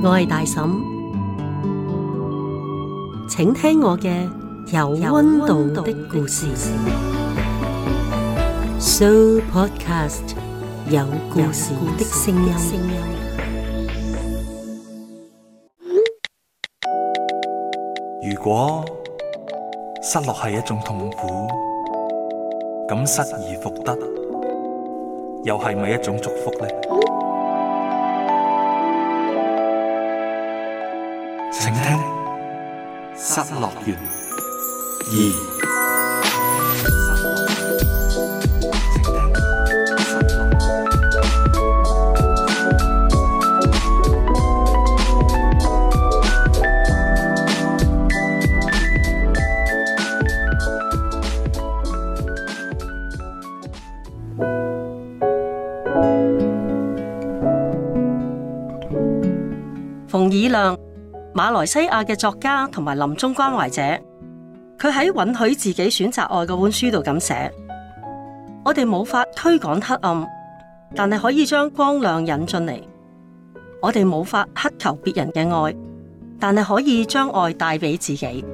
我係大嬸，請聽我嘅有温度的故事。So podcast 有故事的聲音。如果失落係一種痛苦，咁失而復得，又係咪一種祝福呢？失樂園二。馬來西亞嘅作家同埋臨終關懷者，佢喺允許自己選擇愛嘅本書度咁寫：我哋冇法推廣黑暗，但係可以將光亮引進嚟；我哋冇法乞求別人嘅愛，但係可以將愛帶俾自己。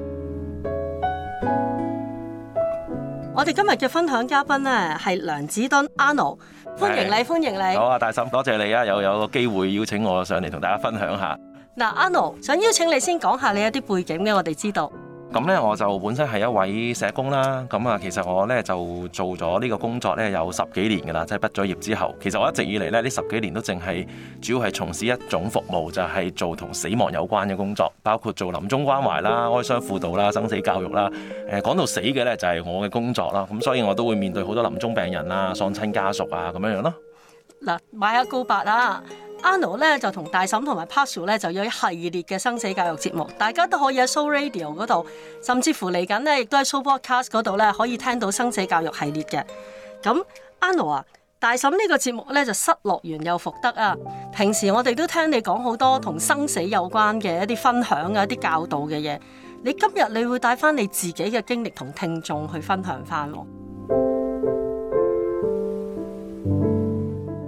我哋今日嘅分享嘉賓呢係梁子敦 Anu，、no、歡迎你，歡迎你。的歡迎你好啊，大嬸，多謝你啊，有有個機會邀請我上嚟同大家分享下。嗱，阿 No 想邀請你先講下你一啲背景畀我哋知道。咁咧，我就本身係一位社工啦。咁啊，其實我咧就做咗呢個工作咧有十幾年噶啦，即係畢咗業之後。其實我一直以嚟咧呢十幾年都淨係主要係從事一種服務，就係、是、做同死亡有關嘅工作，包括做臨終關懷啦、哀傷輔導啦、生死教育啦。誒，講到死嘅咧就係我嘅工作啦。咁所以我都會面對好多臨終病人啦、喪親家屬啊咁樣樣咯。嗱，買下告白啦。Anno 咧就同大嬸同埋 Pascal 咧就有一系列嘅生死教育節目，大家都可以喺 Show Radio 嗰度，甚至乎嚟緊咧亦都喺 Show Podcast 嗰度咧可以聽到生死教育系列嘅。咁 Anno 啊，大嬸呢個節目咧就失落完又復得啊！平時我哋都聽你講好多同生死有關嘅一啲分享啊，一啲教導嘅嘢。你今日你會帶翻你自己嘅經歷同聽眾去分享翻？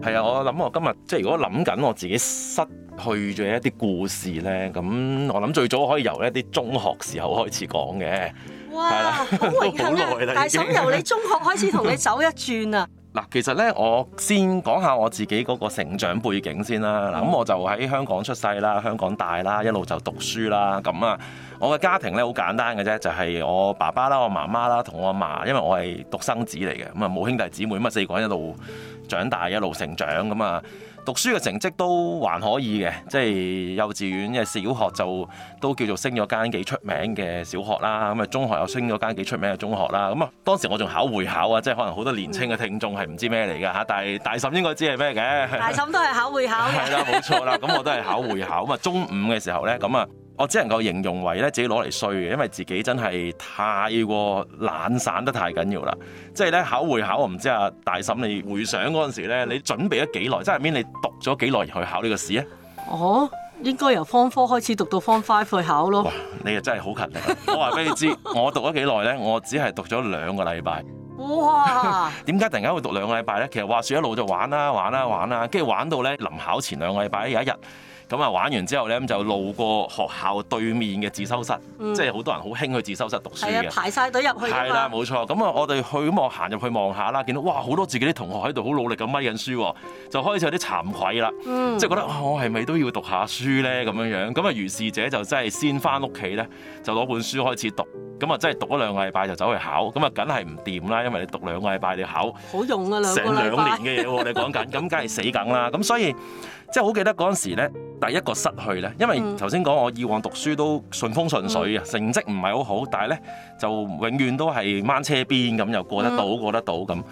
係啊，我諗我今日即係如果諗緊我自己失去咗一啲故事咧，咁我諗最早可以由一啲中學時候開始講嘅。哇，好的榮幸啊！ 大嬸宗由你中學開始同你走一轉啊！ 嗱，其實咧，我先講下我自己嗰個成長背景先啦。嗱，咁我就喺香港出世啦，香港大啦，一路就讀書啦，咁啊，我嘅家庭咧好簡單嘅啫，就係我爸爸啦、我媽媽啦同我阿嫲，因為我係獨生子嚟嘅，咁啊冇兄弟姊妹，咁啊四個人一路長大，一路成長咁啊。讀書嘅成績都還可以嘅，即係幼稚園、即小學就都叫做升咗間幾出名嘅小學啦。咁啊，中學又升咗間幾出名嘅中學啦。咁啊，當時我仲考會考啊，即係可能好多年輕嘅聽眾係唔知咩嚟㗎嚇，但係大嬸應該知係咩嘅。大嬸都係考會考咩？ 係啦，冇錯啦。咁我都係考會考。咁啊，中五嘅時候咧，咁啊。我只能夠形容為咧自己攞嚟衰嘅，因為自己真係太過懶散得太緊要啦。即係咧考會考，我唔知啊，大嬸你回想嗰陣時咧，你準備咗幾耐？即係入面你讀咗幾耐去考個呢個試啊？我、哦、應該由方科開始讀到方 five 去考咯。哇！你又真係好勤力。我話俾你知， 我讀咗幾耐咧？我只係讀咗兩個禮拜。哇！點解突然間會讀兩個禮拜咧？其實話說一路就玩啦、啊，玩啦、啊，玩啦、啊，跟住玩到咧臨考前兩個禮拜有一日。咁啊玩完之後咧咁就路過學校對面嘅自修室，嗯、即係好多人好興去自修室讀書，排晒隊入去,去。係啦，冇錯。咁啊，我哋去望行入去望下啦，見到哇好多自己啲同學喺度好努力咁咪緊書，就開始有啲慚愧啦，即係、嗯、覺得我係咪都要讀下書咧咁樣樣？咁啊於是者就真係先返屋企咧，就攞本書開始讀。咁啊，真係讀咗兩個禮拜就走去考，咁啊，梗係唔掂啦，因為你讀兩個禮拜你考，好用啊兩成兩年嘅嘢喎，我哋講緊，咁梗係死梗啦。咁所以即係好記得嗰陣時咧，第一個失去咧，因為頭先講我以往讀書都順風順水啊，嗯、成績唔係好好，但係咧就永遠都係掹車邊咁，又過得到、嗯、過得到咁。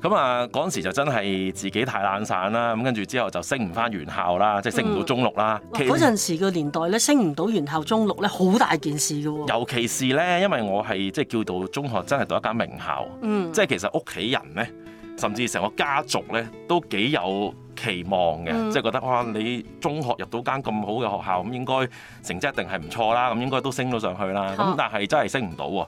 咁啊，嗰時就真係自己太懶散啦，咁跟住之後就升唔返原校啦，即係升唔到中六啦。嗰陣、um, 時個年代咧，升唔到原校中六咧，好大件事㗎喎。尤其是咧，因為我係即係叫做中學，真係讀一間名校，um, 即係其實屋企人咧，甚至成個家族咧，都幾有期望嘅，即係覺得、um, 哇，你中學入到間咁好嘅學校，咁、嗯、應該成績一定係唔錯啦，咁應該都升到上去啦。咁、oh, 但係真係升唔到喎。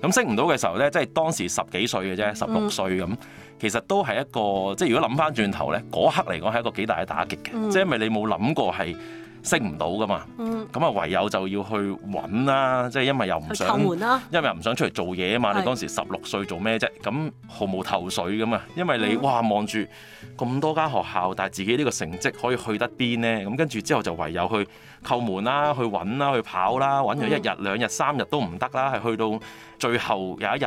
咁、um, 升唔到嘅時候咧，即係當時十幾歲嘅啫，十六歲咁。其實都係一個，即係如果諗翻轉頭咧，嗰刻嚟講係一個幾大嘅打擊嘅，嗯、即係因為你冇諗過係升唔到噶嘛，咁啊、嗯、唯有就要去揾啦，即係因為又唔想，啊、因為又唔想出嚟做嘢啊嘛。是你當時十六歲做咩啫？咁毫無頭緒噶嘛，因為你哇望住咁多間學校，但係自己呢個成績可以去得邊呢？咁跟住之後就唯有去叩門啦、去揾啦、去跑啦，揾咗一日、兩日、三日都唔得啦，係去到最後有一日。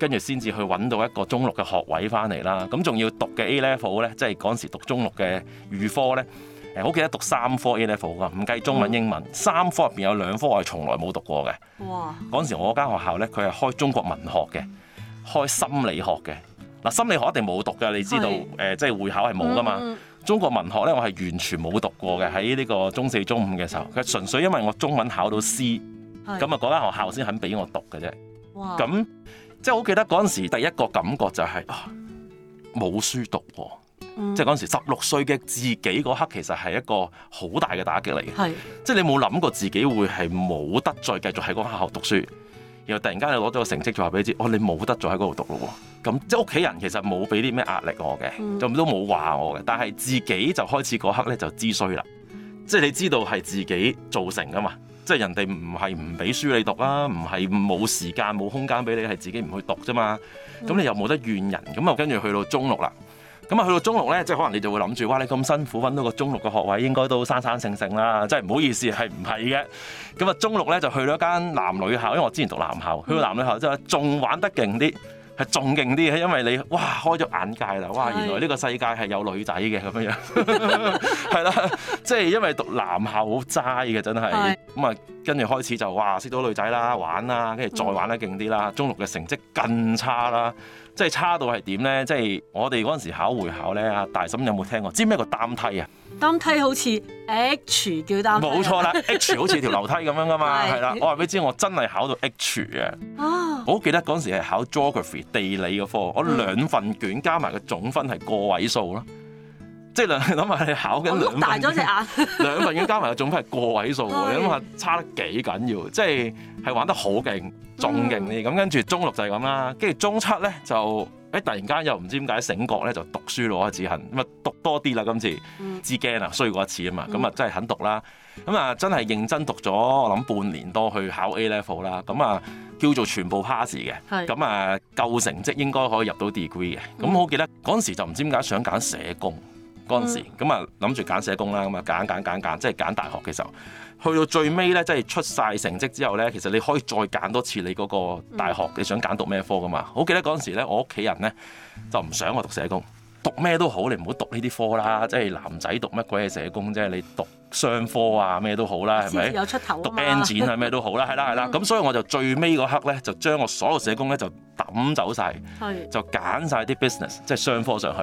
跟住先至去揾到一個中六嘅學位翻嚟啦。咁仲要讀嘅 A Level 呢？即係嗰陣時讀中六嘅預科呢？誒，好記得讀三科 A Level 噶，唔計中文、英文，三科入邊有兩科我係從來冇讀過嘅。哇！嗰陣時我間學校呢，佢係開中國文學嘅，開心理學嘅。嗱，心理學一定冇讀噶，你知道誒，即係會考係冇噶嘛？中國文學呢，我係完全冇讀過嘅。喺呢個中四、中五嘅時候，佢純粹因為我中文考到 C，咁啊嗰間學校先肯俾我讀嘅啫。哇！咁。即係好記得嗰陣時，第一個感覺就係啊冇書讀喎！嗯、即係嗰陣時十六歲嘅自己嗰刻，其實係一個好大嘅打擊嚟嘅。係是即係你冇諗過自己會係冇得再繼續喺嗰間學校讀書，然後突然間你攞咗個成績就話俾你知，我、哦、你冇得再喺嗰度讀咯。咁、嗯、即係屋企人其實冇俾啲咩壓力我嘅，咁、嗯、都冇話我嘅。但係自己就開始嗰刻咧就知衰啦，即係你知道係自己造成㗎嘛。即係人哋唔係唔俾書你讀啦，唔係冇時間冇空間俾你，係自己唔去讀啫嘛。咁你又冇得怨人，咁啊跟住去到中六啦。咁啊去到中六咧，即係可能你就會諗住哇，你咁辛苦揾到個中六嘅學位，應該都生生性性啦。即係唔好意思，係唔係嘅？咁啊中六咧就去咗間男女校，因為我之前讀男校，去到男女校之後仲玩得勁啲。係仲勁啲，係因為你哇開咗眼界啦！哇，原來呢個世界係有女仔嘅咁樣樣，係啦， 即係因為讀男校好齋嘅，真係咁啊， 跟住開始就哇識到女仔啦，玩啦，跟住再玩得勁啲啦，中六嘅成績更差啦。即係差到係點咧？即係我哋嗰陣時考會考咧，阿大嬸有冇聽過？知咩叫單梯啊？單梯好似 H 叫單梯，冇錯啦。 H 好似條樓梯咁樣噶嘛，係啦。 我話俾你知，我真係考到 H 啊！我記得嗰陣時係考 geography 地理嘅科，我兩份卷加埋嘅總分係個位數囉。即係兩諗下你考緊兩份，大咗隻眼 兩份嘅加埋，總分係個位數喎。諗下 差得幾緊要？即係係玩得好勁，仲勁啲咁。嗯、跟住中六就係咁啦，跟住中七咧就誒、欸，突然間又唔知點解醒覺咧，就讀書咯，自行咁啊，讀多啲啦。今次知驚啊，衰過一次啊嘛，咁啊、嗯、真係肯讀啦。咁啊真係認真讀咗，我諗半年多去考 A level 啦。咁啊叫做全部 pass 嘅，咁啊是夠成績應該可以入到 degree 嘅。咁我、嗯、好記得嗰陣時就唔知點解想揀社工。嗰陣時，咁啊諗住揀社工啦，咁啊揀揀揀揀，即係揀大學嘅時候，去到最尾咧，即係出晒成績之後咧，其實你可以再揀多次你嗰個大學你想揀讀咩科噶嘛。好記得嗰陣時咧，我屋企人咧就唔想我讀社工，讀咩都好，你唔好讀呢啲科啦。即係男仔讀乜鬼嘢社工即啫，你讀商科啊咩都好啦，係咪？有出頭。讀 N 展啊咩都好啦，係啦係啦。咁、嗯、所以我就最尾嗰刻咧，就將我所有社工咧就抌走晒，就揀晒啲 business 即係商科上去。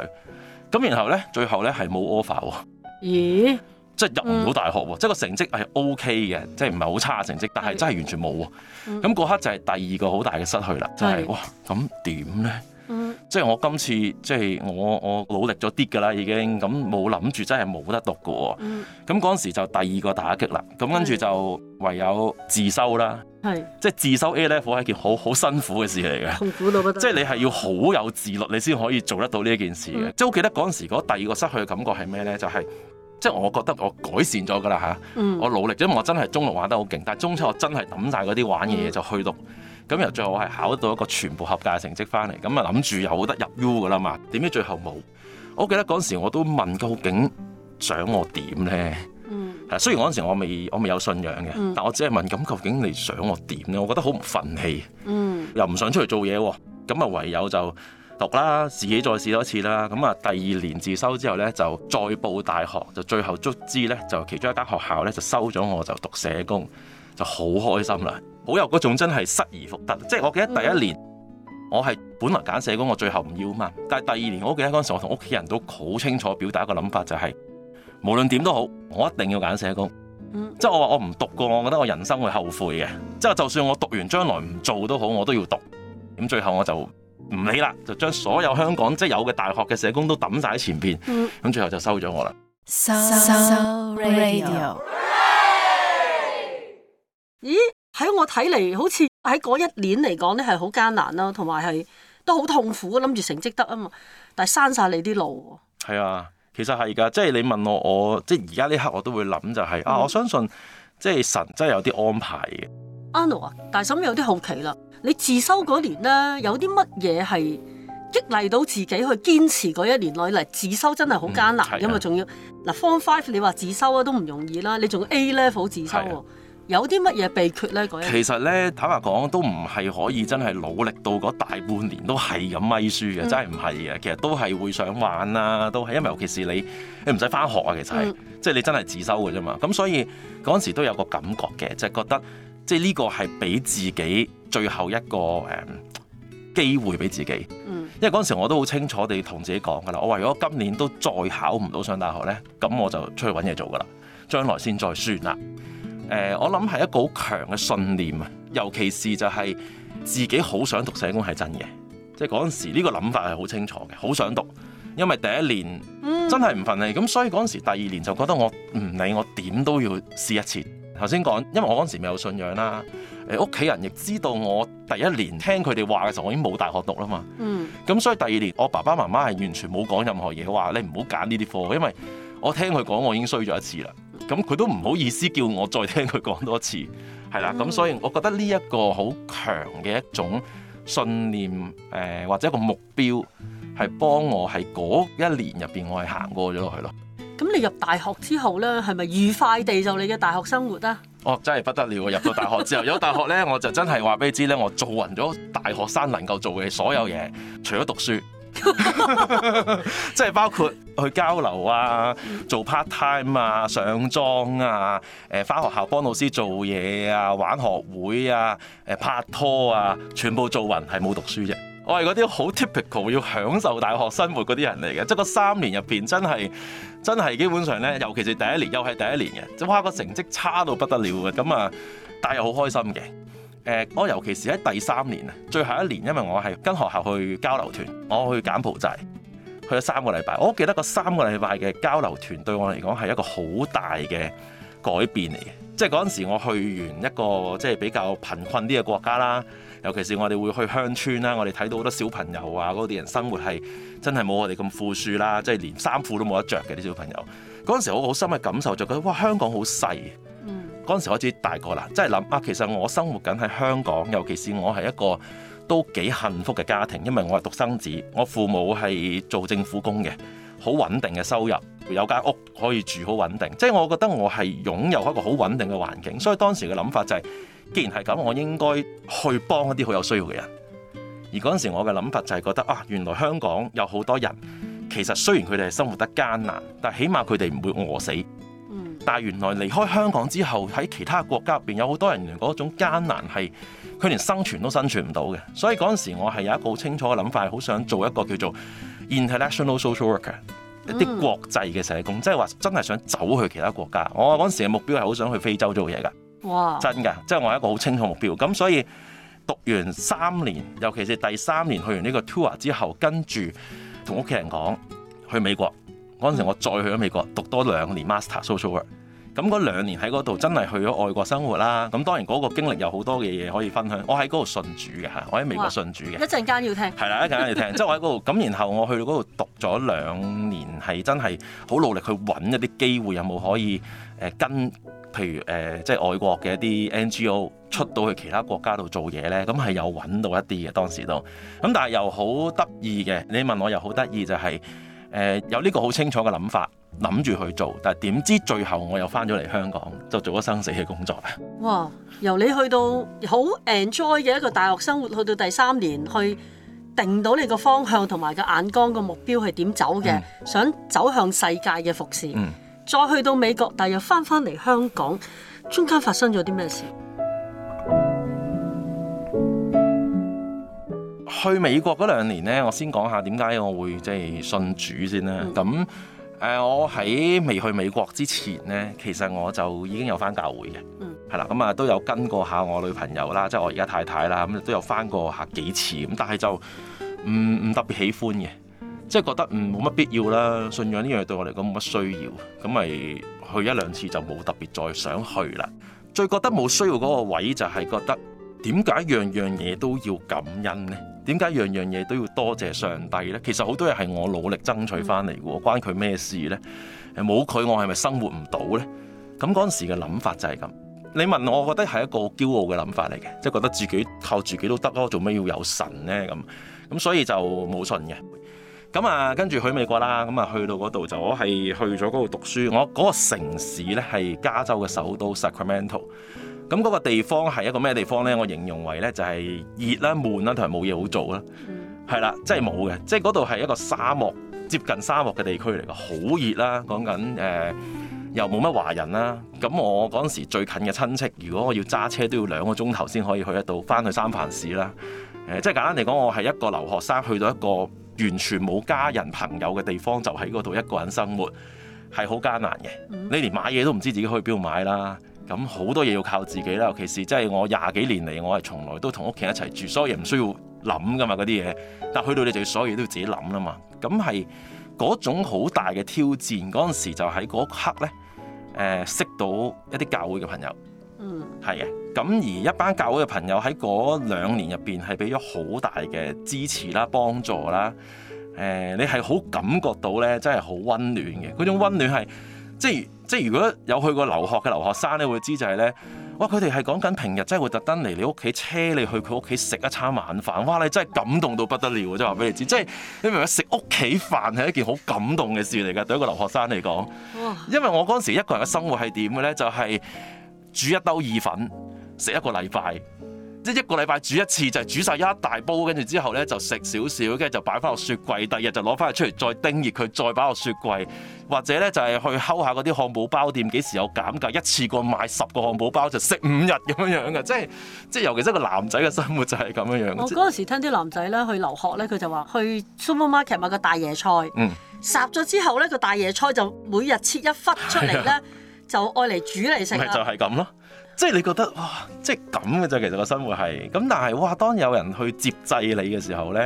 咁然後咧，最後咧係冇 offer 喎，off er、咦？即係入唔到大學喎、嗯 OK，即係個成績係 OK 嘅，即係唔係好差嘅成績，是但係真係完全冇喎。咁嗰、嗯、刻就係第二個好大嘅失去啦，是就係、是、哇，咁點咧？嗯、即係我今次即係我我努力咗啲噶啦，已經咁冇諗住真係冇得讀嘅喎。咁嗰、嗯、時就第二個打擊啦，咁、嗯、跟住就唯有自修啦。係，是即係自修 A Level 係件好好辛苦嘅事嚟嘅，痛苦到即係你係要好有自律，你先可以做得到呢一件事嘅。嗯、即係我記得嗰陣時，嗰第二個失去嘅感覺係咩咧？就係、是、即係我覺得我改善咗噶啦吓，嗯、我努力，因為我真係中六玩得好勁，但係中七我真係抌晒嗰啲玩嘅嘢，就去讀，咁由、嗯、最後我係考到一個全部合格嘅成績翻嚟，咁啊諗住有得入 U 噶啦嘛，點知最後冇。我記得嗰陣時我都問究竟想我點咧？誒，雖然我嗰陣時我未我未有信仰嘅，但我只係問，咁究竟你想我點咧？我覺得好唔憤氣，又唔想出嚟做嘢喎，咁啊唯有就讀啦，自己再試多次啦。咁啊第二年自修之後呢，就再報大學，就最後卒之呢，就其中一間學校呢，就收咗我，就讀社工，就好開心啦，好有嗰種真係失而復得，即係我記得第一年，嗯，我係本來揀社工，我最後唔要嘛，但係第二年我記得嗰陣時我同屋企人都好清楚表達一個諗法，就係。無論點都好，我一定要揀社工，即係、嗯、我話我唔讀過，我覺得我人生會後悔嘅。即、就、係、是、就算我讀完將來唔做都好，我都要讀。咁最後我就唔理啦，就將所有香港即係有嘅大學嘅社工都抌晒喺前邊。咁、嗯、最後就收咗我啦。So, so, so, 咦？喺我睇嚟好似喺嗰一年嚟講咧，係好艱難啦、啊，同埋係都好痛苦，諗住成績得啊嘛，但係刪晒你啲路。係啊。其實係噶，即係你問我，我即係而家呢刻，我都會諗就係、是嗯、啊，我相信即係神真係有啲安排嘅。Anu、嗯、啊，啊，大嬸有啲好奇啦，你自修嗰年咧有啲乜嘢係激勵到自己去堅持嗰一年內？嚟自修真係好艱難噶嘛，仲、嗯啊、要嗱 Form Five 你話自修啊都唔容易啦，你仲 A Level 自修、哦。有啲乜嘢秘訣咧？嗰其實咧，坦白講都唔係可以真係努力到嗰大半年都係咁咪書嘅，嗯、真係唔係嘅。其實都係會想玩啦、啊，都係因為尤其是你，你唔使返學啊。其實係、嗯、即係你真係自修嘅啫嘛。咁所以嗰陣時都有個感覺嘅，即係覺得即係呢個係俾自己最後一個誒、嗯、機會俾自己。嗯、因為嗰陣時我都好清楚地同自己講噶啦，我話如果今年都再考唔到上大學咧，咁我就出去揾嘢做噶啦，將來先再算啦。誒、呃，我諗係一個好強嘅信念啊，尤其是就係自己好想讀社工係真嘅，即係嗰陣時呢個諗法係好清楚嘅，好想讀，因為第一年真係唔忿氣，咁、嗯、所以嗰陣時第二年就覺得我唔理我點都要試一次。頭先講，因為我嗰陣時未有信仰啦，誒，屋企人亦知道我第一年聽佢哋話嘅時候，我已經冇大學讀啦嘛，咁、嗯、所以第二年我爸爸媽媽係完全冇講任何嘢，話你唔好揀呢啲科，因為我聽佢講我已經衰咗一次啦。咁佢都唔好意思叫我再聽佢講多次，係啦。咁所以我覺得呢一個好強嘅一種信念，誒、呃、或者一個目標係幫我喺嗰一年入邊我係行過咗落去咯。咁你入大學之後呢，係咪愉快地就你嘅大學生活啊？哦，真係不得了！入到大學之後，有大學呢，我就真係話俾你知呢，我做勻咗大學生能夠做嘅所有嘢，嗯、除咗讀書。 即係包括去交流啊，做 part time 啊，上莊啊，誒、呃，翻學校幫老師做嘢啊，玩學會啊，誒，拍拖啊，全部做勻係冇讀書啫。我係嗰啲好 typical 要享受大學生活嗰啲人嚟嘅，即、就、係、是、個三年入邊真係真係基本上呢，尤其是第一年又係第一年嘅，哇個成績差到不得了嘅，咁啊，但係好開心嘅。誒、呃，我尤其是喺第三年啊，最後一年，因為我係跟學校去交流團，我去柬埔寨，去咗三個禮拜。我記得嗰三個禮拜嘅交流團對我嚟講係一個好大嘅改變嚟嘅。即係嗰陣時我去完一個即係比較貧困啲嘅國家啦，尤其是我哋會去鄉村啦，我哋睇到好多小朋友啊，嗰啲人生活係真係冇我哋咁富庶啦，即係連衫褲都冇得着嘅啲小朋友。嗰陣時我好深嘅感受就覺得哇，香港好細。嗰陣時開始大個啦，即係諗啊，其實我生活緊喺香港，尤其是我係一個都幾幸福嘅家庭，因為我係獨生子，我父母係做政府工嘅，好穩定嘅收入，有間屋可以住，好穩定。即係我覺得我係擁有一個好穩定嘅環境，所以當時嘅諗法就係，既然係咁，我應該去幫一啲好有需要嘅人。而嗰陣時我嘅諗法就係覺得啊，原來香港有好多人，其實雖然佢哋係生活得艱難，但起碼佢哋唔會餓死。但原來離開香港之後，喺其他國家入邊有好多人連，嗰種艱難係佢連生存都生存唔到嘅。所以嗰陣時我係有一個好清楚嘅諗法，係好想做一個叫做 International Social Worker，一啲國際嘅社工，即係話真係想走去其他國家。我嗰陣時嘅目標係好想去非洲做嘢㗎。哇！真㗎，即係我有一個好清楚目標。咁所以讀完三年，尤其是第三年去完呢個 tour 之後，跟住同屋企人講去美國。嗰陣時，我再去咗美國讀多兩年 Master Social Work。咁嗰兩年喺嗰度真係去咗外國生活啦。咁當然嗰個經歷有好多嘅嘢可以分享。我喺嗰度信主嘅嚇，我喺美國信主嘅。一陣間要聽。係啦，一陣間要聽。 即係我喺嗰度，咁然後我去到嗰度讀咗兩年，係真係好努力去揾一啲機會，有冇可以誒、呃、跟，譬如誒、呃、即係外國嘅一啲 NGO 出到去其他國家度做嘢呢？咁係有揾到一啲嘅當時都。咁但係又好得意嘅，你問我又好得意就係、是。誒、呃、有呢個好清楚嘅諗法，諗住去做，但係點知最後我又翻咗嚟香港，就做咗生死嘅工作啊！哇！由你去到好 enjoy 嘅一個大學生活，去到第三年去定到你個方向同埋個眼光個目標係點走嘅，嗯、想走向世界嘅服侍，嗯、再去到美國，但係又翻返嚟香港，中間發生咗啲咩事？去美國嗰兩年呢，我先講下點解我會即係信主先啦、啊。咁誒、嗯，我喺未去美國之前呢，其實我就已經有返教會嘅，係啦、嗯。咁啊、嗯，都有跟過下我女朋友啦，即係我而家太太啦。咁、嗯、都有返過下幾次，咁但係就唔唔特別喜歡嘅，即係覺得唔冇乜必要啦。信仰呢樣嘢對我嚟講冇乜需要，咁咪去一兩次就冇特別再想去啦。最覺得冇需要嗰個位就係覺得。點解樣樣嘢都要感恩呢？點解樣樣嘢都要多謝上帝呢？其實好多嘢係我努力爭取翻嚟嘅喎，關佢咩事呢？冇佢我係咪生活唔到呢？咁嗰陣時嘅諗法就係咁。你問我，我覺得係一個驕傲嘅諗法嚟嘅，即係覺得自己靠自己都得咯，做咩要有神呢？咁咁所以就冇信嘅。咁啊，跟住去美國啦。咁啊，去到嗰度就，我係去咗嗰度讀書。我嗰個城市呢，係加州嘅首都 Sacramento。咁嗰個地方係一個咩地方呢？我形容為呢就係、是、熱啦、啊、悶啦、啊，同埋冇嘢好做啦、啊。係啦，即係冇嘅，即係嗰度係一個沙漠，接近沙漠嘅地區嚟㗎，好熱啦、啊。講緊誒，又冇乜華人啦、啊。咁我嗰陣時最近嘅親戚，如果我要揸車都要兩個鐘頭先可以去得到，翻去三藩市啦、啊呃。即係簡單嚟講，我係一個留學生，去到一個完全冇家人朋友嘅地方，就喺嗰度一個人生活，係好艱難嘅。你連買嘢都唔知自己可以去邊度買啦、啊。咁好多嘢要靠自己啦，尤其是即係我廿幾年嚟，我係從來都同屋企人一齊住，所以唔需要諗噶嘛嗰啲嘢。但去到你就要所有嘢都要自己諗啦嘛。咁係嗰種好大嘅挑戰，嗰陣時就喺嗰刻咧，誒、呃、識到一啲教會嘅朋友，嗯，係嘅。咁而一班教會嘅朋友喺嗰兩年入邊係俾咗好大嘅支持啦、幫助啦，誒、呃、你係好感覺到咧，真係好溫暖嘅，嗰種溫暖係。嗯即係即係如果有去過留學嘅留學生咧，你會知就係咧，哇！佢哋係講緊平日真係會特登嚟你屋企，車你去佢屋企食一餐晚飯，哇！你真係感動到不得了，即係話俾你知，即係你明唔明？食屋企飯係一件好感動嘅事嚟噶，對一個留學生嚟講。因為我嗰陣時一個人嘅生活係點嘅咧，就係煮一兜意粉食一個禮拜。即一個禮拜煮一次，就係、煮晒一大煲，跟住之後咧就食少少，跟住就擺翻落雪櫃，第二日就攞翻去出嚟再叮熱佢，再擺落雪櫃，或者咧就係、是、去敲下嗰啲漢堡包店，幾時有減價，一次過買十個漢堡包就食五日咁樣樣嘅，即係即係，尤其係個男仔嘅生活就係咁樣樣。我嗰陣時聽啲男仔咧去留學咧，佢就話去 supermarket 買個大椰菜，嗯，烚咗之後咧、個大椰菜就每日切一忽出嚟咧，的就愛嚟煮嚟食、啊，就係咁咯。即係你覺得哇，即係咁嘅啫。其實個生活係咁，但係哇，當有人去接濟你嘅時候呢，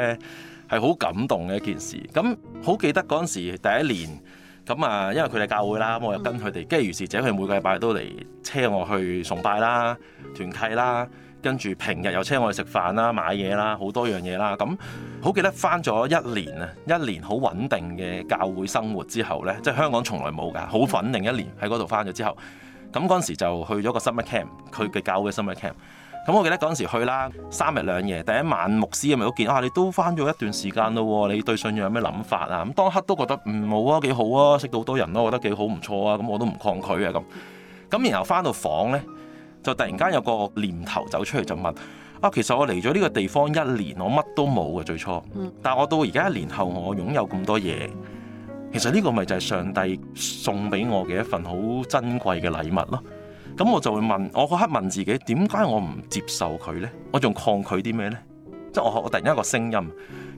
係好感動嘅一件事。咁、嗯、好記得嗰陣時第一年咁啊、嗯，因為佢哋教會啦，咁、嗯、我又跟佢哋，跟住於是者佢每個禮拜都嚟車我去崇拜啦、團契啦，跟住平日又車我去食飯啦、買嘢啦，好多樣嘢啦。咁、嗯、好記得翻咗一年啊，一年好穩定嘅教會生活之後呢，即係香港從來冇㗎，好穩定一年喺嗰度翻咗之後。咁嗰陣時就去咗個 summer camp，佢嘅教會嘅 summer camp。咁、嗯、我記得嗰陣時去啦，三日兩夜。第一晚牧師咪都見啊，你都翻咗一段時間咯喎，你對信仰有咩諗法啊？咁、嗯、當刻都覺得唔好、嗯、啊，幾好啊，識到好多人咯，我覺得幾好唔錯啊，咁、嗯、我都唔抗拒啊咁。咁、嗯、然後翻到房咧，就突然間有個念頭走出嚟就問啊，其實我嚟咗呢個地方一年，我乜都冇嘅、啊、最初，但係我到而家一年後，我擁有咁多嘢。其實呢個咪就係上帝送俾我嘅一份好珍貴嘅禮物咯。咁我就會問，我嗰刻問自己，點解我唔接受佢呢？我仲抗拒啲咩呢？」即係我我突然間一個聲音，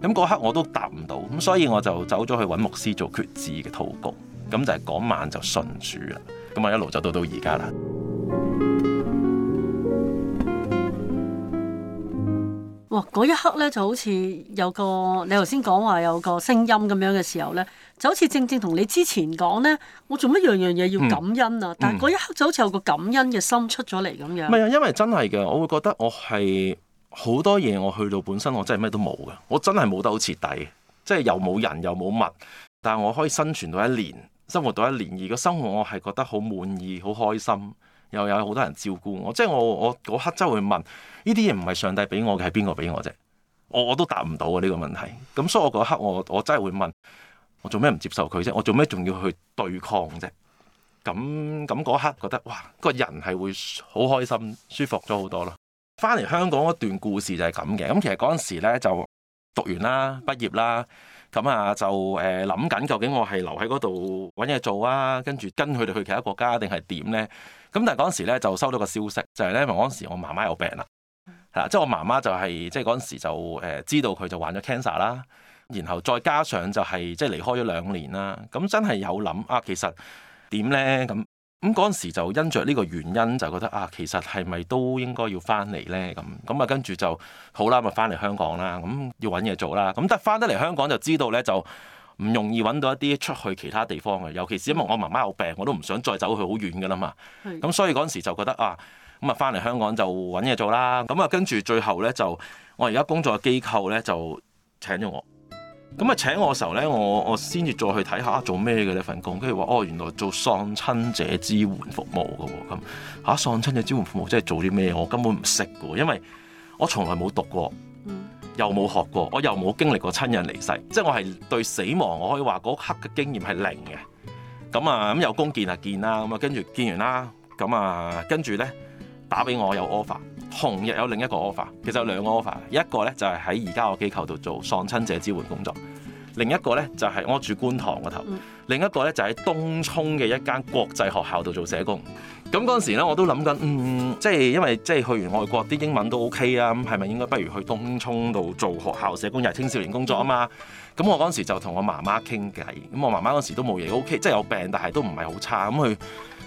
咁嗰刻我都答唔到，咁所以我就走咗去揾牧師做決志嘅禱告。咁就係嗰晚就信主啦。咁啊一路就到到而家啦。哇！嗰一刻咧就好似有個你頭先講話有個聲音咁樣嘅時候咧。就好似正正同你之前講呢，我做乜樣樣嘢要感恩啊？嗯，但係嗰一刻就好似有個感恩嘅心出咗嚟咁樣。唔係啊，因為真係嘅，我會覺得我係好多嘢，我去到本身我真係咩都冇嘅，我真係冇得好徹底，即係又冇人又冇物，但係我可以生存到一年，生活到一年。而個生活我係覺得好滿意、好開心，又有好多人照顧我。即係我我嗰刻真係會問，呢啲嘢唔係上帝俾我嘅，係邊個俾我啫？我我都答唔到啊！呢個問題。咁所以我我，我嗰刻我我真係會問。我做咩唔接受佢啫？我做咩仲要去對抗啫？咁咁嗰刻覺得哇，個人係會好開心、舒服咗好多咯。翻嚟香港嗰段故事就係咁嘅。咁其實嗰陣時咧就讀完啦、畢業啦，咁啊就誒諗緊究竟我係留喺嗰度揾嘢做啊，跟住跟佢哋去其他國家定係點咧？咁但係嗰陣時咧就收到個消息，就係、是、咧，因為嗰陣時我媽媽有病啦，嗱，即係我媽媽就係、是、即係嗰陣時就誒知道佢就患咗 cancer 啦。然後再加上就係即係離開咗兩年啦，咁真係有諗啊。其實點呢？咁咁嗰陣時就因着呢個原因就覺得啊，其實係咪都應該要翻嚟呢？咁咁啊，跟住就好啦，咪翻嚟香港啦。咁要揾嘢做啦。咁但係翻得嚟香港就知道呢，就唔容易揾到一啲出去其他地方嘅，尤其是因為我媽媽有病，我都唔想再走去好遠㗎啦嘛。咁是所以嗰陣時就覺得啊，咁啊翻嚟香港就揾嘢做啦。咁啊跟住最後呢，就我而家工作嘅機構呢，就請咗我。咁啊請我嘅時候咧，我我先至再去睇下、啊、做咩嘅呢份工，跟住話哦，原來做喪親者支援服務嘅喎，咁、啊、嚇，喪親者支援服務即係做啲咩？我根本唔識嘅喎，因為我從來冇讀過，又冇學過，我又冇經歷過親人離世，即係我係對死亡，我可以話嗰刻嘅經驗係零嘅。咁啊咁有工見，見啊見啦，咁啊跟住見完啦，咁啊跟住咧打俾我有 offer。同日有另一個 offer，其實有兩個 offer，一個咧就係喺而家個機構度做喪親者支援工作，另一個咧就係、是、我住觀塘個頭，另一個咧就喺、是、東涌嘅一間國際學校度做社工。咁嗰陣時咧，我都諗緊，嗯，即係因為即係去完外國啲英文都 OK 啦、啊，咁係咪應該不如去東涌度做學校社工，又係青少年工作啊嘛？咁我嗰陣時就同我媽媽傾偈，咁我媽媽嗰時都冇嘢 OK，即係有病但係都唔係好差，咁佢，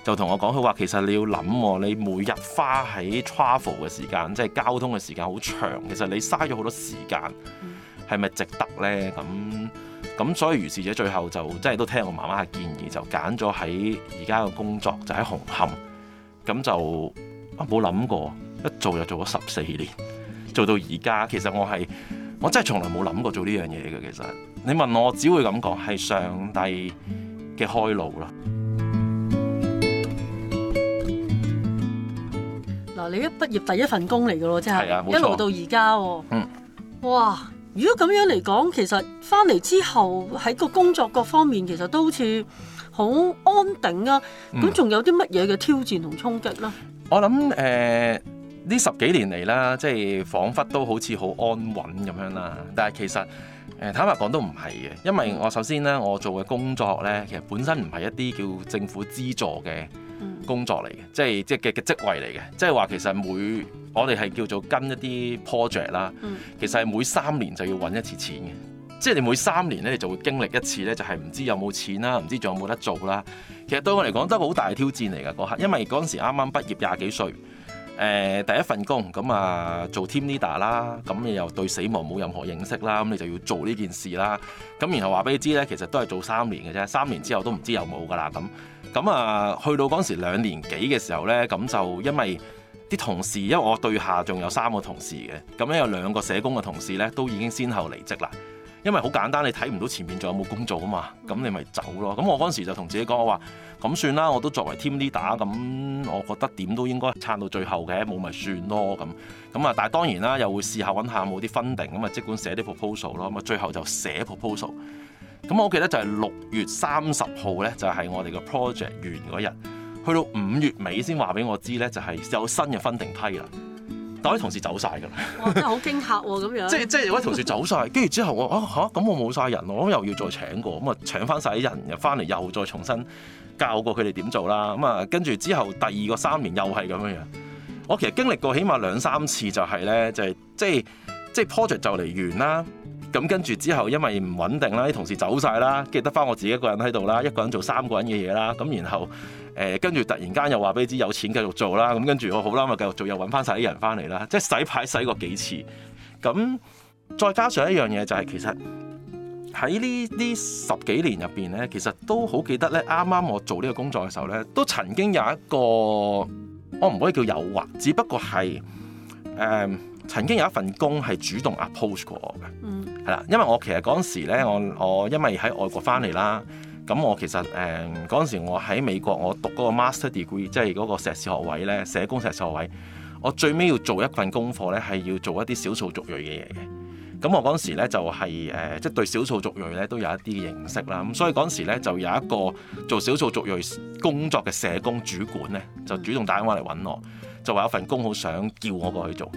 就同我講，佢話其實你要諗，你每日花喺 travel 嘅時間，即係交通嘅時間好長，其實你嘥咗好多時間，係咪值得呢？咁咁所以如是者最後就真係都聽我媽媽嘅建議，就揀咗喺而家嘅工作，就喺紅磡。咁就啊冇諗過，一做就做咗十四年，做到而家。其實我係我真係從來冇諗過做呢樣嘢嘅。其實你問我，我只會咁講，係上帝嘅開路啦。你一畢業第一份工嚟㗎咯，真係，啊、一路到而家。哦。嗯，哇！如果咁樣嚟講，其實翻嚟之後喺個工作各方面，其實都好似好安定啊。咁仲有啲乜嘢嘅挑戰同衝擊咧？我諗誒呢十幾年嚟啦，即係彷彿都好似好安穩咁樣啦。但係其實誒、呃、坦白講都唔係嘅，因為我首先咧，我做嘅工作咧，其實本身唔係一啲叫政府資助嘅。工作嚟嘅，即係即係嘅嘅職位嚟嘅，即係話其實每我哋係叫做跟一啲 project 啦，其實係每三年就要揾一次錢嘅，即係你每三年咧你就會經歷一次咧就係唔知有冇錢啦，唔知仲有冇得做啦。其實對我嚟講都係好大挑戰嚟噶嗰刻，因為嗰時啱啱畢業廿幾歲，誒、呃、第一份工咁啊做 team leader 啦，咁你又對死亡冇任何認識啦，咁你就要做呢件事啦。咁然後話俾你知咧，其實都係做三年嘅啫，三年之後都唔知有冇噶啦咁。咁啊，去到嗰陣時兩年幾嘅時候呢，咁就因為啲同事，因為我對下仲有三個同事嘅，咁咧有兩個社工嘅同事呢，都已經先後離職啦。因為好簡單，你睇唔到前面仲有冇工做啊嘛，咁你咪走咯。咁我嗰陣時就同自己講我話，咁算啦，我都作為 team leader，咁我覺得點都應該撐到最後嘅，冇咪算咯咁。咁啊，但係當然啦，又會試下揾下冇啲分定，咁啊即管寫啲 proposal 咯，咁啊最後就寫 proposal。咁我記得就係六月三十號咧，就係我哋個 project 完嗰日，去到五月尾先話俾我知咧，就係有新嘅分定批啦。但啲同事走晒㗎啦，哇！真係好驚嚇喎咁樣。即即係有位同事走晒，跟住之後我啊嚇咁我冇晒人，我又要再請過，咁啊請翻晒啲人又翻嚟，又再重新教過佢哋點做啦。咁啊跟住之後第二個三年又係咁樣樣。我其實經歷過起碼兩三次，就係咧就係即即 project 就嚟完啦。咁跟住之後，因為唔穩定啦，啲同事走晒啦，記得翻我自己一個人喺度啦，一個人做三個人嘅嘢啦。咁然後誒、呃，跟住突然間又話俾你知有錢繼續做啦。咁跟住我好啦，咪繼續做，又揾翻晒啲人翻嚟啦。即係洗牌洗過幾次。咁、嗯、再加上一樣嘢就係、是，其實喺呢啲十幾年入邊咧，其實都好記得咧。啱啱我做呢個工作嘅時候咧，都曾經有一個我唔可以叫誘惑，只不過係誒。嗯曾經有一份工係主動 approach 過我嘅，係啦、嗯，因為我其實嗰陣時咧，我我因為喺外國翻嚟啦，咁我其實誒嗰陣時我喺美國，我讀嗰個 master degree，即係嗰個碩士學位咧，社工碩士學位，我最尾要做一份功課咧，係要做一啲少數族裔嘅嘢嘅。咁我嗰陣時咧就係、係、誒，即、呃、係、就係、對少數族裔咧都有一啲認識啦。咁所以嗰陣時咧就有一個做少數族裔工作嘅社工主管咧，就主動打電話嚟揾我，就話有份工好想叫我過去做。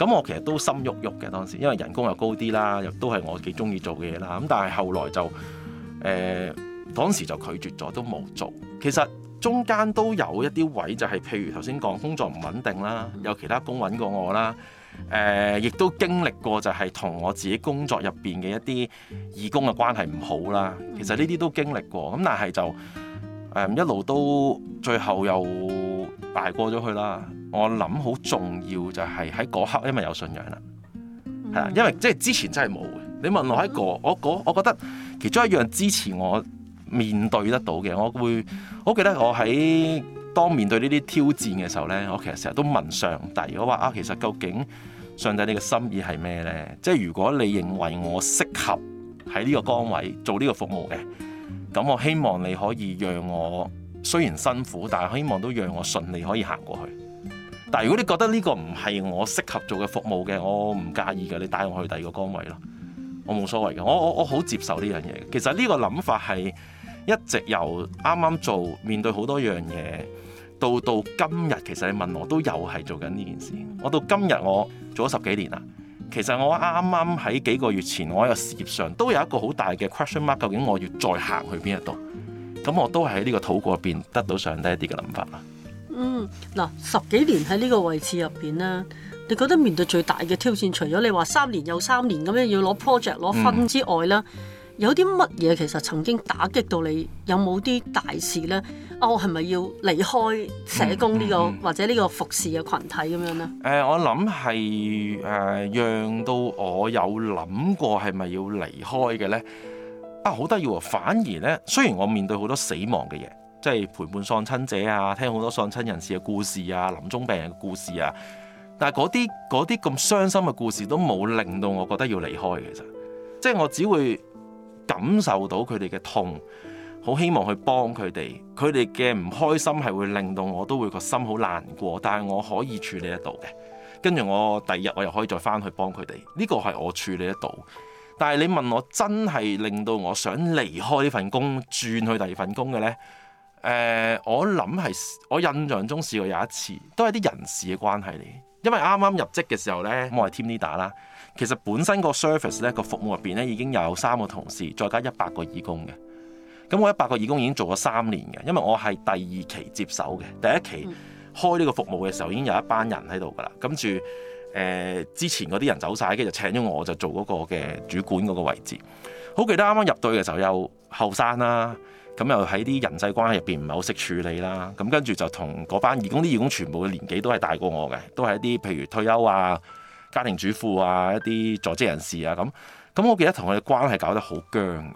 咁我其實都心鬱鬱嘅當時，因為人工又高啲啦，又都係我幾中意做嘅嘢啦。咁但係後來就誒、呃，當時就拒絕咗，都冇做。其實中間都有一啲位，就係、是、譬如頭先講工作唔穩定啦，有其他工揾過我啦。誒、呃，亦都經歷過就係同我自己工作入邊嘅一啲義工嘅關係唔好啦。其實呢啲都經歷過，咁但係就誒、呃、一路都最後又捱過咗去啦。我諗好重要就係喺嗰刻，因為有信仰啦，係啦，因為即係之前真係冇嘅。你問我喺個我嗰，我覺得其中一樣支持我面對得到嘅，我會，我記得我喺當面對呢啲挑戰嘅時候呢，我其實成日都問上帝，我話啊，其實究竟上帝你嘅心意係咩呢？即係如果你認為我適合喺呢個崗位做呢個服務嘅，咁我希望你可以讓我雖然辛苦，但係希望都讓我順利可以行過去。但如果你覺得呢個唔係我適合做嘅服務嘅，我唔介意嘅，你帶我去第二個崗位咯，我冇所謂嘅，我我我好接受呢樣嘢。其實呢個諗法係一直由啱啱做面對好多樣嘢，到到今日，其實你問我都又係做緊呢件事。我到今日我做咗十幾年啦，其實我啱啱喺幾個月前，我喺個事業上都有一個好大嘅 question mark，究竟我要再行去邊一度？咁我都係喺呢個禱告入邊得到上帝一啲嘅諗法啦。嗯，嗱，十幾年喺呢個位置入邊咧，你覺得面對最大嘅挑戰，除咗你話三年又三年咁樣要攞 project 攞分之外咧，嗯、有啲乜嘢其實曾經打擊到你？有冇啲大事咧？啊、哦，我係咪要離開社工呢、這個、嗯嗯、或者呢個服侍嘅群體咁樣咧？誒、呃，我諗係誒，讓到我有諗過係咪要離開嘅咧？啊，好得意喎！反而咧，雖然我面對好多死亡嘅嘢。即係陪伴喪親者啊，聽好多喪親人士嘅故事啊，臨終病人嘅故事啊。但係嗰啲嗰啲咁傷心嘅故事都冇令到我覺得要離開嘅。其實即係我只會感受到佢哋嘅痛，好希望去幫佢哋。佢哋嘅唔開心係會令到我都會個心好難過，但係我可以處理得到嘅。跟住我第二日我又可以再翻去幫佢哋，呢、這個係我處理得到。但係你問我真係令到我想離開呢份工轉去第二份工嘅呢？誒，uh, 我諗係我印象中試過有一次，都係啲人事嘅關係嚟。因為啱啱入職嘅時候呢，我係 team leader 啦。其實本身個 service 咧個服務入邊咧已經有三個同事，再加一百個義工嘅。咁我一百個義工已經做咗三年嘅，因為我係第二期接手嘅。第一期開呢個服務嘅時候已經有一班人喺度噶啦，跟住誒、呃、之前嗰啲人走晒，跟住就請咗我就做嗰個嘅主管嗰個位置。好記得啱啱入隊嘅時候有後生啦。咁又喺啲人際關係入邊唔係好識處理啦，咁跟住就同嗰班義工啲義工全部嘅年紀都係大過我嘅，都係一啲譬如退休啊、家庭主婦啊、一啲在職人士啊咁，咁我記得同佢嘅關係搞得好僵嘅。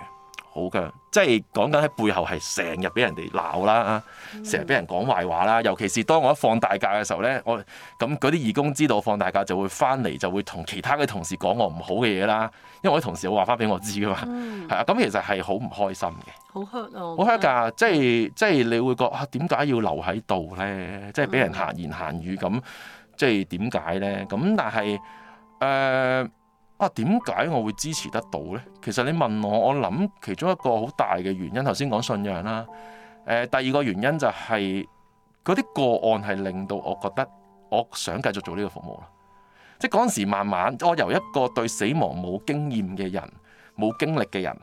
好噶，即係講緊喺背後係成日俾人哋鬧啦，成日俾人講壞話啦。尤其是當我一放大假嘅時候咧，我咁嗰啲義工知道放大假就會翻嚟，就會同其他嘅同事講我唔好嘅嘢啦。因為我啲同事會話翻俾我知噶嘛，係啊、嗯。咁其實係好唔開心嘅。好 hurt 咯。好 hurt 噶，即係即係你會覺得啊，點解要留喺度咧？即係俾人閒言閒語咁，即係點解咧？咁但係誒。呃啊，點解我會支持得到呢？其實你問我，我諗其中一個好大嘅原因，頭先講信仰啦，呃，第二個原因就係嗰啲個案係令到我覺得我想繼續做呢個服務啦。即係嗰陣時慢慢，我由一個對死亡冇經驗嘅人、冇經歷嘅人，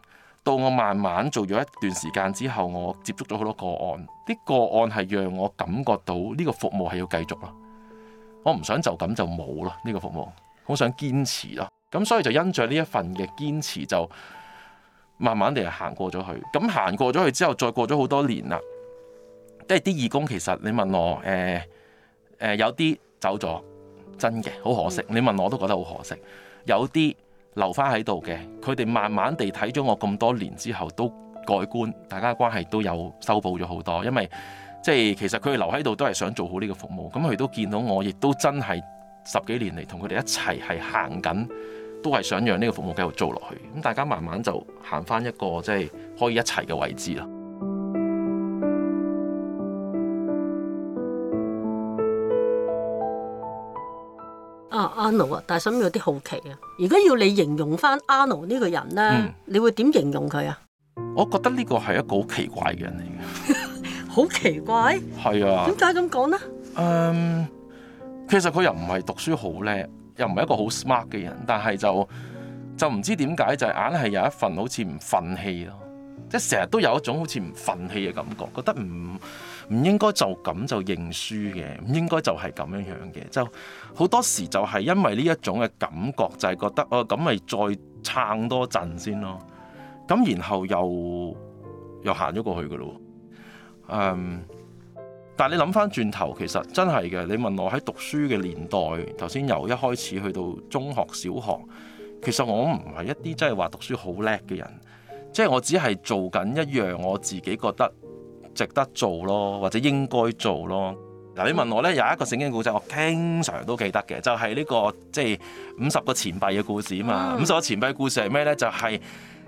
到我慢慢做咗一段時間之後，我接觸咗好多個案，啲個案係讓我感覺到呢個服務係要繼續啦。我唔想就咁就冇咯，呢個服務好想堅持咯。咁所以就因着呢一份嘅堅持，就慢慢地行過咗去。咁行過咗去之後，再過咗好多年啦。即係啲義工其實你問我，誒、呃呃、有啲走咗，真嘅好可惜。你問我都覺得好可惜。有啲留返喺度嘅，佢哋慢慢地睇咗我咁多年之後，都改觀，大家關係都有修補咗好多。因為即係其實佢哋留喺度都係想做好呢個服務。咁佢都見到我，亦都真係十幾年嚟同佢哋一齊係行緊。都係想讓呢個服務繼續做落去，咁大家慢慢就行翻一個即係、就是、可以一齊嘅位置啦。啊，阿 No 啊，大嬸有啲好奇啊，如果要你形容翻阿 No 呢個人咧，嗯、你會點形容佢啊？我覺得呢個係一個好奇怪嘅人嚟嘅，好 奇怪？係啊、嗯，點解咁講呢？嗯，um, 其實佢又唔係讀書好叻。又唔係一個好 smart 嘅人，但係就就唔知點解就係硬係有一份好似唔憤氣咯，即係成日都有一種好似唔憤氣嘅感覺，覺得唔唔應該就咁就認輸嘅，唔應該就係咁樣樣嘅，就好多時就係因為呢一種嘅感覺，就係覺得哦咁咪再撐多陣先咯，咁然後又又行咗過去㗎咯，嗯、um。但係你諗翻轉頭，其實真係嘅。你問我喺讀書嘅年代，頭先由一開始去到中學、小學，其實我唔係一啲真係話讀書好叻嘅人，即係我只係做緊一樣我自己覺得值得做咯，或者應該做咯。嗱，你問我呢，有一個聖經故仔，我經常都記得嘅，就係呢個即係五十個錢幣嘅故事啊嘛。五十個錢幣故事係咩呢？就係。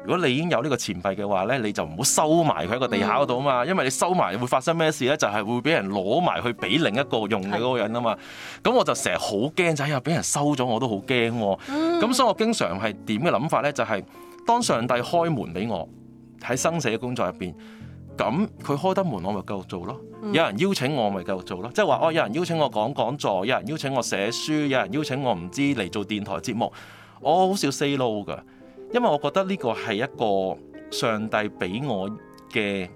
如果你已經有呢個錢幣嘅話咧，你就唔好收埋佢喺個地下度啊嘛，嗯、因為你收埋會發生咩事咧？就係、是、會俾人攞埋去俾另一個用嘅嗰個人啊嘛。咁我就成日好驚，仔、哎，係啊俾人收咗我都好驚。咁、嗯、所以我經常係點嘅諗法咧，就係、是、當上帝開門俾我喺生死嘅工作入邊，咁佢開得開門，我咪繼續做咯。有人邀請我，咪繼續做咯。嗯、即係話哦，有人邀請我講講座，有人邀請我寫書，有人邀請我唔知嚟做電台節目，我好少 say no 㗎。因為我覺得呢個係一個上帝俾我嘅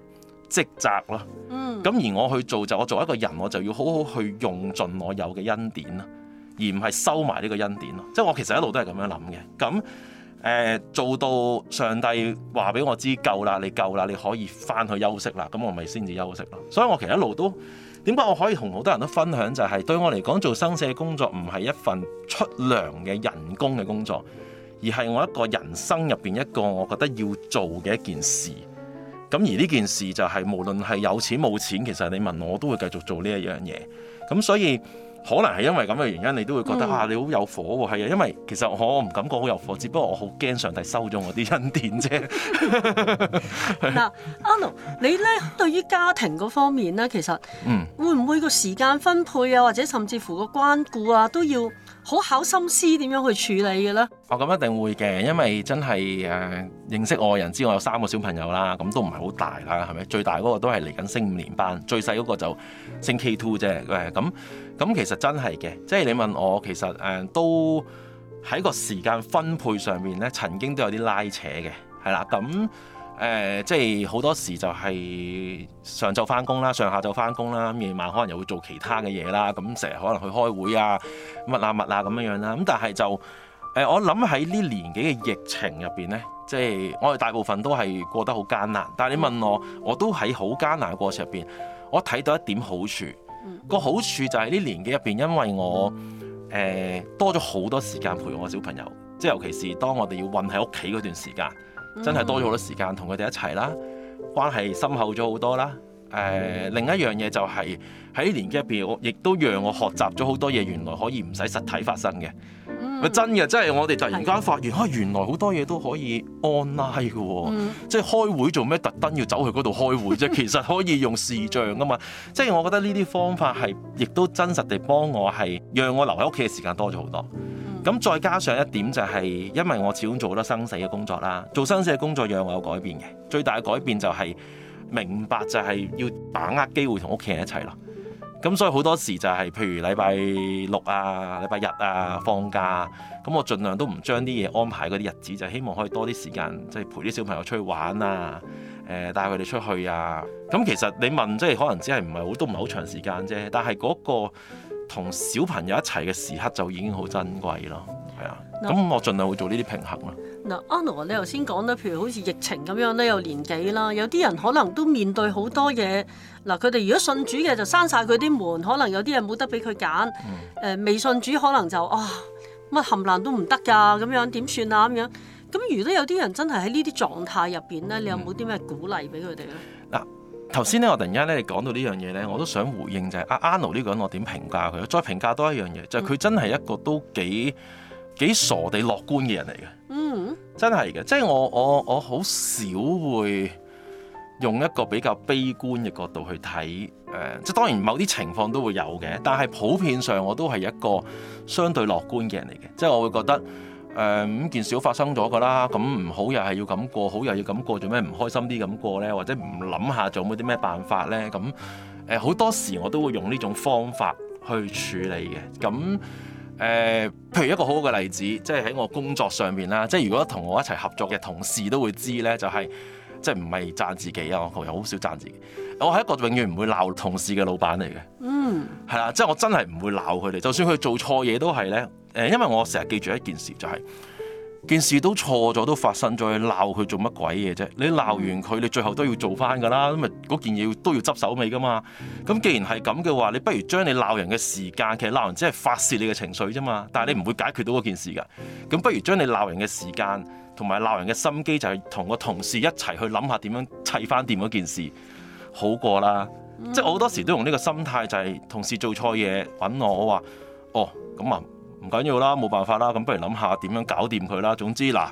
職責咯，咁、嗯、而我去做就我作為一個人我就要好好去用盡我有嘅恩典咯，而唔係收埋呢個恩典咯。即係我其實一路都係咁樣諗嘅。咁誒、呃、做到上帝話俾我知夠啦，你夠啦，你可以翻去休息啦。咁我咪先至休息咯。所以我其實一路都點解我可以同好多人都分享就係、是、對我嚟講做生死嘅工作唔係一份出糧嘅人工嘅工作。而係我一個人生入邊一個我覺得要做嘅一件事，咁而呢件事就係無論係有錢冇錢，其實你問我，我都會繼續做呢一樣嘢。咁所以可能係因為咁嘅原因，你都會覺得、嗯、啊你好有火喎，係啊，因為其實我唔敢講好有火，只不過我好驚上帝收咗我啲恩典啫。嗱，阿龍，你呢對於家庭嗰方面呢，其實、嗯、會唔會個時間分配啊，或者甚至乎個關顧啊，都要？好考心思點樣去處理嘅咧？哦，咁一定會嘅，因為真係誒、呃、認識我人之外有三個小朋友啦，咁都唔係好大啦，係咪？最大嗰個都係嚟緊升五年班，最細嗰個就升 K2 啫。誒，咁咁其實真係嘅，即係你問我其實誒都喺個時間分配上面咧，曾經都有啲拉扯嘅，係啦，咁。誒、呃，即係好多時就係上晝翻工啦，上下晝翻工啦，夜晚可能又會做其他嘅嘢啦，咁成日可能去開會啊，乜啊乜啊咁樣樣、啊、啦，咁但係就誒、呃，我諗喺呢年紀嘅疫情入邊呢，即係我哋大部分都係過得好艱難，但係你問我，我都喺好艱難嘅過程入邊，我睇到一點好處。個好處就係呢年紀入邊，因為我誒、呃、多咗好多時間陪我小朋友，即係尤其是當我哋要韞喺屋企嗰段時間。真係多咗好多時間同佢哋一齊啦，關係深厚咗好多啦。誒、呃、另一樣嘢就係喺年紀入邊，我亦都讓我學習咗好多嘢，原來可以唔使實體發生嘅，嗯、真嘅，即、就、係、是、我哋突然間發現，的啊原來好多嘢都可以 online 嘅喎、哦，嗯、即係開會做咩，特登要走去嗰度開會啫，其實可以用視像啊嘛， 即係我覺得呢啲方法係亦都真實地幫我係讓我留喺屋企嘅時間多咗好多。咁、嗯、再加上一點就係、是，因為我始終做好多生死嘅工作啦，做生死嘅工作讓我有改變嘅，最大嘅改變就係、是。明白就係要把握機會同屋企人一齊咯，咁所以好多時就係、是、譬如禮拜六啊、禮拜日啊放假，咁我盡量都唔將啲嘢安排嗰啲日子，就是、希望可以多啲時間即係、就是、陪啲小朋友出去玩啊，誒、呃、帶佢哋出去啊，咁其實你問即係、就是、可能只係唔係好都唔係好長時間啫，但係嗰個同小朋友一齊嘅時刻就已經好珍貴咯。係啊，咁我盡量會做呢啲平衡咯。嗱，Anno，你頭先講咧，譬如好似疫情咁樣咧，有年紀啦，有啲人可能都面對好多嘢。嗱，佢哋如果信主嘅就閂晒佢啲門，可能有啲人冇得俾佢揀。誒、嗯呃，未信主可能就啊，乜冚爛都唔得㗎，咁樣點算啊？咁樣咁，如果有啲人真係喺呢啲狀態入邊咧，嗯、你有冇啲咩鼓勵俾佢哋咧？嗱，頭先咧，我突然間咧你講到呢樣嘢咧，我都想回應就係阿 Anno 呢個人，我點評價佢？再評價多一樣嘢，就佢、是、真係一個都幾。幾傻地樂觀嘅人嚟嘅，嗯，真係嘅，即係我我我好少會用一個比較悲觀嘅角度去睇，誒，即係當然某啲情況都會有嘅，但係普遍上我都係一個相對樂觀嘅人嚟嘅，即係我會覺得，誒，件事發生咗㗎啦，咁唔好又係要咁過，好又要咁過，做咩唔開心啲咁過呢？或者唔諗下仲有冇啲咩辦法呢？咁誒好多時我都會用呢種方法去處理嘅，咁。誒、呃，譬如一個好好嘅例子，即係喺我工作上面啦，即係如果同我一齊合作嘅同事都會知咧，就係、是、即係唔係讚自己啊！我個人好少讚自己，我係一個永遠唔會鬧同事嘅老闆嚟嘅。嗯，係啦，即係我真係唔會鬧佢哋，就算佢做錯嘢都係咧。誒，因為我成日記住一件事就係、是。件事都錯咗，都發生咗，你鬧佢做乜鬼嘢啫？你鬧完佢，你最後都要做翻噶啦，咁咪嗰件嘢都要執手尾噶嘛。咁既然係咁嘅話，你不如將你鬧人嘅時間，其實鬧人只係發泄你嘅情緒啫嘛。但係你唔會解決到嗰件事噶。咁不如將你鬧人嘅時間同埋鬧人嘅心機，就係同個同事一齊去諗下點樣砌翻掂嗰件事，好過啦。嗯、即係我好多時都用呢個心態、就是，就係同事做錯嘢揾我，我話：哦，咁啊。唔緊要啦，冇辦法啦，咁不如諗下點樣搞掂佢啦。總之嗱，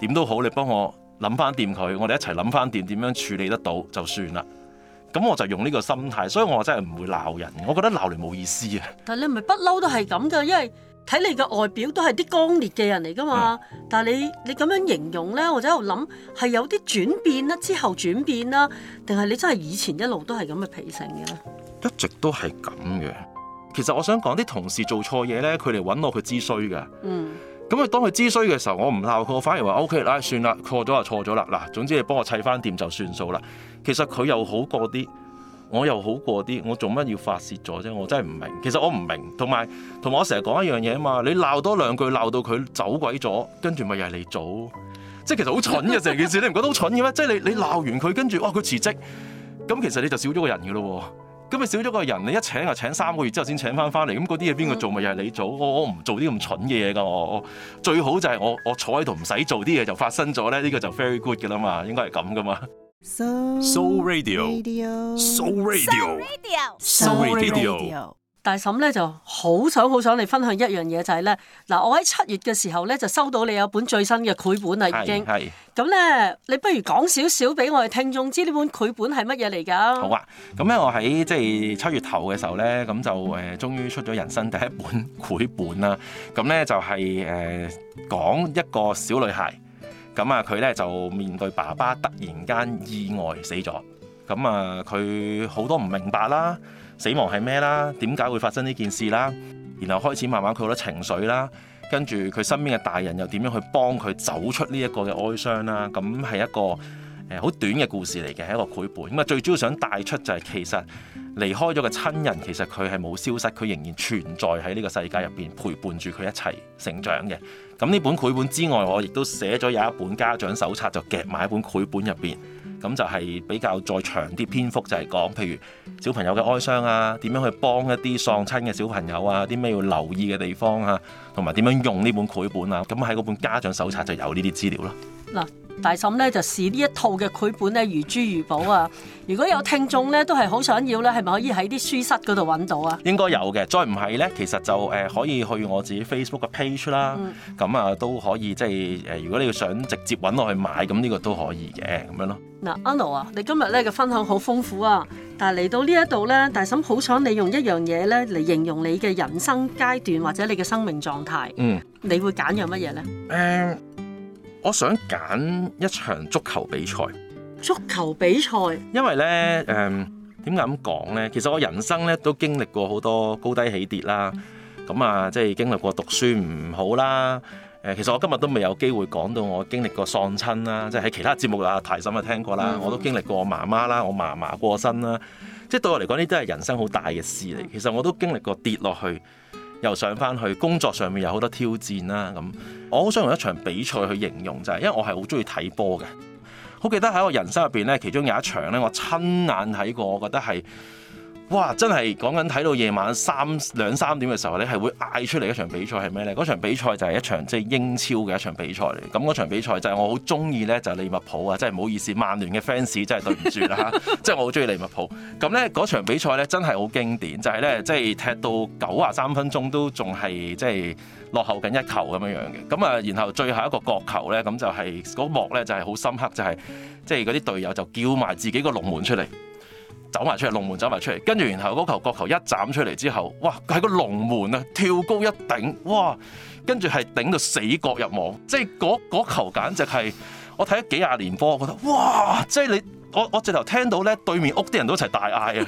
點都好，你幫我諗翻掂佢，我哋一齊諗翻掂點樣處理得到就算啦。咁我就用呢個心態，所以我真係唔會鬧人。我覺得鬧你冇意思啊。但係你唔係不嬲都係咁㗎，因為睇你嘅外表都係啲剛烈嘅人嚟噶嘛。嗯、但係你你咁樣形容呢，我就喺度諗係有啲轉變啦，之後轉變啦，定係你真係以前一路都係咁嘅脾性嘅咧？一直都係咁嘅。其實我想講啲同事做錯嘢咧，佢嚟揾我，佢知衰嘅。嗯，咁啊，當佢知衰嘅時候，我唔鬧佢，我反而話 O K 啦，算啦，錯咗就錯咗啦。嗱，總之你幫我砌翻掂就算數啦。其實佢又好過啲，我又好過啲，我做乜要發泄咗啫？我真係唔明。其實我唔明，同埋同埋我成日講一樣嘢啊嘛，你鬧多兩句，鬧到佢走鬼咗，跟住咪又係嚟做，即係其實好蠢嘅成件事，你唔覺得好蠢嘅咩？ 即係你你鬧完佢，跟住哦，佢辭職，咁其實你就少咗個人嘅咯喎。咁咪少咗個人，你一請又請三個月之後先請翻翻嚟，咁嗰啲嘢邊個做咪又係你做？我我唔做啲咁蠢嘅嘢㗎，我我最好就係我我坐喺度唔使做啲嘢就發生咗咧，呢、這個就 very good 噶啦嘛，應該係咁㗎嘛。So, so radio. So radio, so radio, so radio. 大嬸咧就好想好想你分享一樣嘢，就係咧嗱，我喺七月嘅時候咧就收到你有本最新嘅繪本啦，已經。係。咁咧，你不如講少少俾我哋聽眾知呢本繪本係乜嘢嚟㗎？好啊，咁咧我喺即係七月頭嘅時候咧，咁就誒、呃、終於出咗人生第一本繪本啦。咁咧就係、是、誒、呃、講一個小女孩，咁啊佢咧就面對爸爸突然間意外死咗，咁啊佢好多唔明白啦。死亡係咩啦？點解會發生呢件事啦？然後開始慢慢佢好多情緒啦，跟住佢身邊嘅大人又點樣去幫佢走出呢一個嘅哀傷啦？咁係一個誒好短嘅故事嚟嘅，係一個繪本。咁啊，最主要想帶出就係，其實離開咗嘅親人，其實佢係冇消失，佢仍然存在喺呢個世界入邊，陪伴住佢一齊成長嘅。咁呢本繪本之外，我亦都寫咗有一本家長手冊，就夾埋一本繪本入邊。咁就係比較再長啲篇幅就，就係講譬如小朋友嘅哀傷啊，點樣去幫一啲喪親嘅小朋友啊，啲咩要留意嘅地方啊，同埋點樣用呢本繪本啊，咁喺嗰本家長手冊就有呢啲資料咯。嗱，大嬸咧就試呢一套嘅繪本咧，如珠如寶啊！如果有聽眾咧，都係好想要咧，係咪可以喺啲書室嗰度揾到啊？應該有嘅，再唔係咧，其實就誒、呃、可以去我自己 Facebook 嘅 page 啦。咁、嗯、啊都可以即係誒、呃，如果你要想直接揾我去買，咁呢個都可以嘅，咁樣咯。嗱、呃，阿奴、no、啊，你今日咧嘅分享好豐富啊，但係嚟到呢一度咧，大嬸好想你用一樣嘢咧嚟形容你嘅人生階段或者你嘅生命狀態。嗯，你會揀樣乜嘢咧？誒、嗯。我想揀一場足球比賽。足球比賽，因為呢，誒，點解咁講呢？其實我人生呢都經歷過好多高低起跌啦。咁啊，即係經歷過讀書唔好啦。誒、啊，其實我今日都未有機會講到我經歷過喪親啦。即係喺其他節目啦，泰森啊聽過啦，我都經歷過我媽媽啦，我嫲嫲過身啦。即係對我嚟講，呢啲都係人生好大嘅事嚟。其實我都經歷過跌落去。又上翻去，工作上面有好多挑戰啦，咁，我好想用一場比賽去形容就係，因為我係好中意睇波嘅，好記得喺我人生入邊咧，其中有一場咧，我親眼睇過，我覺得係。哇！真係講緊睇到夜晚三兩三點嘅時候咧，係會嗌出嚟一場比賽係咩呢？嗰場比賽就係一場即係、就是、英超嘅一場比賽嚟。咁嗰場比賽就係我好中意咧，就係利物浦啊！真係唔好意思，曼聯嘅 fans 真係對唔住啦。即係我好中意利物浦。咁咧嗰場比賽咧真係好經典，就係咧即係踢到九啊三分鐘都仲係即係落後緊一球咁樣樣嘅。咁啊，然後最後一個角球咧，咁就係嗰幕咧就係好深刻，就係即係嗰啲隊友就叫埋自己個龍門出嚟。走埋出嚟，龍門走埋出嚟，跟住然後嗰球角球一斬出嚟之後，哇！喺個龍門啊，跳高一頂，哇！跟住係頂到死角入網，即係嗰球簡直係我睇咗幾廿年波，我覺得哇！即係你我我直頭聽到咧，對面屋啲人都一齊大嗌啊！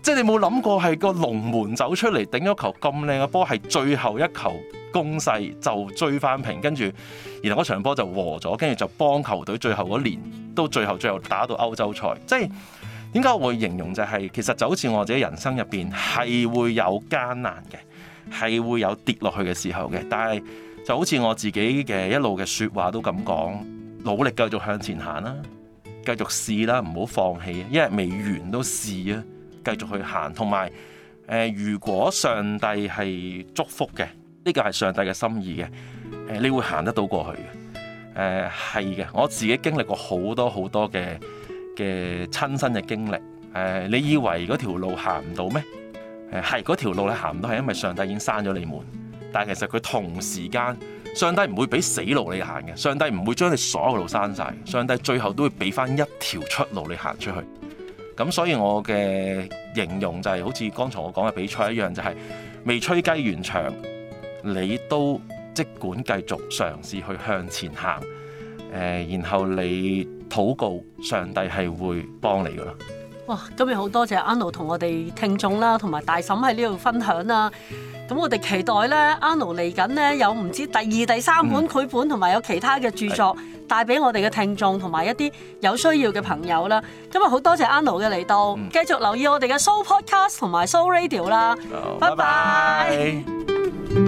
即係你冇諗過係個龍門走出嚟頂咗球咁靚嘅波，係最後一球攻勢就追翻平，跟住然後嗰場波就和咗，跟住就幫球隊最後嗰年到最後最後打到歐洲賽，即係。點解我會形容就係、是、其實就好似我自己人生入邊係會有艱難嘅，係會有跌落去嘅時候嘅，但係就好似我自己嘅一路嘅説話都咁講，努力繼續向前行啦，繼續試啦，唔好放棄，因為未完都試啊，繼續去行。同埋誒，如果上帝係祝福嘅，呢、這個係上帝嘅心意嘅，誒、呃，你會行得到過去嘅。誒、呃，係嘅，我自己經歷過好多好多嘅。嘅親身嘅經歷，誒、呃，你以為嗰條路行唔到咩？誒、呃，係嗰條路你行唔到，係因為上帝已經閂咗你門。但係其實佢同時間，上帝唔會俾死路你行嘅，上帝唔會將你所有路閂晒，上帝最後都會俾翻一條出路你行出去。咁所以我嘅形容就係、是、好似剛才我講嘅比賽一樣、就是，就係未吹雞完場，你都即管繼續嘗試去向前行，誒、呃，然後你。禱告，上帝係會幫你噶咯。哇，今日好多謝 Anno 同我哋聽眾啦，同埋大嬸喺呢度分享啦。咁我哋期待咧 Anno 嚟緊呢，no、有唔知第二、第三本繪本，同埋、嗯、有其他嘅著作帶俾是我哋嘅聽眾，同埋一啲有需要嘅朋友啦。咁啊，好多謝 Anno 嘅嚟到，繼、嗯、續留意我哋嘅 Show Podcast 同埋 Show Radio 啦。拜拜。拜拜